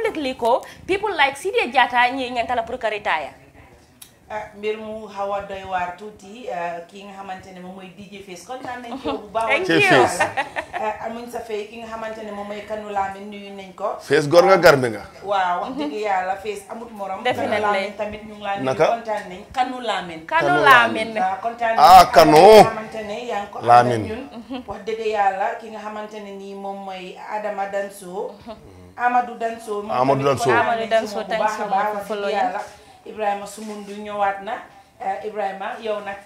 publicly ko people like Sidia Diatta ñi ngeen tala pour que retire ah, mbir mu xaw a doy waar tuuti ah, ki nga xamante ne moom DJ Face kontaan nañ ko bu you. amuñ sa fay ki nga xamante ne moom mooy kanu laamin nuyu nañ ko Face góor nga garmi nga waaw wax dëgg yàlla Face amut morom Definitely. na laamin tamit ñu ngi laa nuyu nañ kanu laamin kanu laamin ah, kontaan ah kanu xamante ne yaa ngi ko laamin ñun wax dëgg yàlla ki nga xamante ne nii moom Adama Danso amadou danso amadou danso amadou danso thanks for the ya ibrahima sumundu ñëwaat na eh, ibrahima yow nak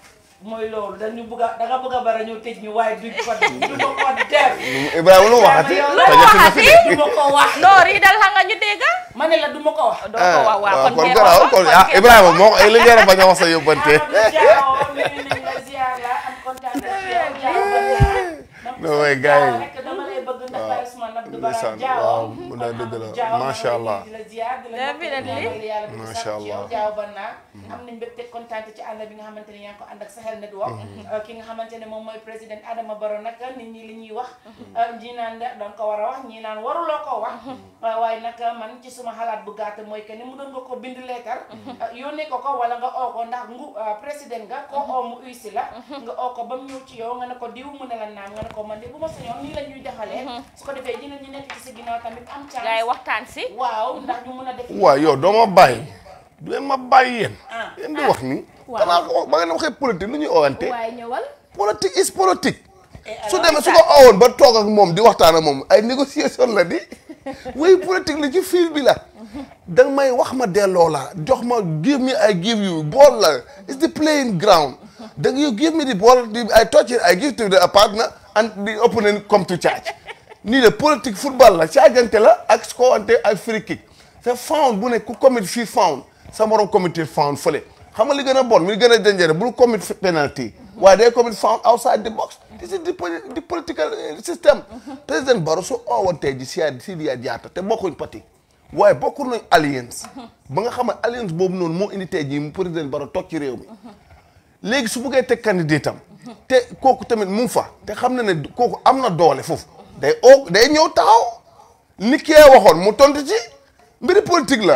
moy lolu dañu bëgg da nga bëgg bara ñu tej ñu way duñ ko duñ ko def ibrahima lu waxati tajax na ko wax no dal ha nga ñu dega mané la du ko wax do ko wax wa eh, kon kon ah, ibrahima mo ay leer ba nga wax sa yobante no way guys ndeysaan waaw mu daal dëgg la macha allah macha allah jaaw ban naa am nañ mbégte kontaan mhm. eh, ci ànd bi nga xamante ne yaa ngi ko ànd ak Sahel Network ki nga xamante ne moom mooy président Adama Barrow nag nit ñi li ñuy wax ñi eh, naan da nga ko war a wax ñi naan waruloo ko wax mhm. eh, waaye nag man ci suma xalaat bu gàtt mooy que ni mu doon nga ko bind leetar mhm. yónnee ko ko wala oh, nga oo ko ndax ngu président nga koo oo mu uysi la nga oo ko ba mu ñëw ci su ko defee ñeneen ñi nekk am chance. gars si. waaw ndax ñu mën yow doo ma bàyyi. du leen ma bàyyi yéen. Ah. yéen di wax ni. Ah. waaw ba ngeen waxee politique lu ñuy orienté. waay is politique. Eh, su demee su ko awoon ba toog ak moom di waxtaan ak moom ay négociation la di way politique la ci fil bi la danga may wax ma delloo la jox ma give me I give you ball la it's the playing ground danga you give me the ball I touch it I give to the partner and the opponent come to charge nii la politique football la caajante la ak su ak free kick te found bu nekk ku commit fii found sa moroom comité found fële xam nga li gën a bon mi gën a dangereux bul commit penalty waaye day commit found outside the box this is the political uh, system président Barroso oowantee si Sidi Diatta te bokkuñ parti waaye bokkul nañ alliance ba nga xam ne alliance boobu noonu moo indi tey jii mu président Barroso toog ci réew mi léegi su buggee teg candidat am te kooku tamit mu fa te xam na ne kooku am na doole foofu day oo day ñëw taxaw li kee waxoon mu tontu ci mbiri politique la.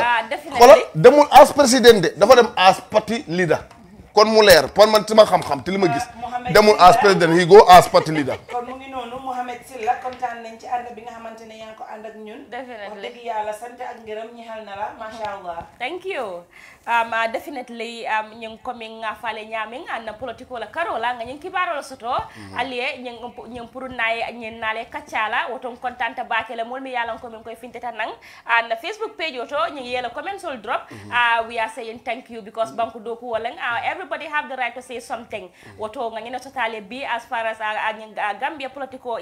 waaw ah, demul as président de dafa dem as parti leader. kon mu leer pour man ci ma xam-xam te li ma gis. Ah, demul as président yi go as leader. Mohamed Silla kontaan nañ ci ànd bi nga xamante ne yaa ngi ko ànd ak ñun. definitely wax dëgg yàlla sant ak ngërëm ñexal na la macha allah. thank you um, uh, definitely um, ñing komi nga fale ñamin anna politiko la karola nga ñing kibaro la soto mm -hmm. aliye ñing ñing pour nay ñin nale kaccala woton kontanta baake la mol mi yalan ko min koy finteta nang anna uh, facebook woto ñing yela comment sol drop mm-hmm. uh, mm-hmm. uh, mm-hmm. bi as far as uh, uh, Gambia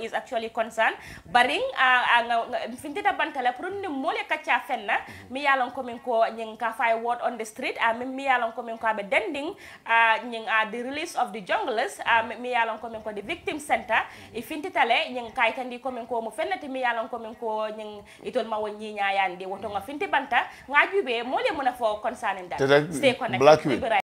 is actually concerned barin ah, ah, a findita bantala pour ni mole kacha fenna mhm. mi yalon ko min ko nyin ka fay word on the street a ah, min mi yalon ko min ko be dending a a the release of the junglers a mi yalon ko min ko the victim center e mhm. findita le nyin kay kandi ko min ko mo fenna ti mi yalon ko min ko nyin itol ma won nyi nyaayande woto nga mhm. finti banta nga jube mole mona fo concerned that stay connected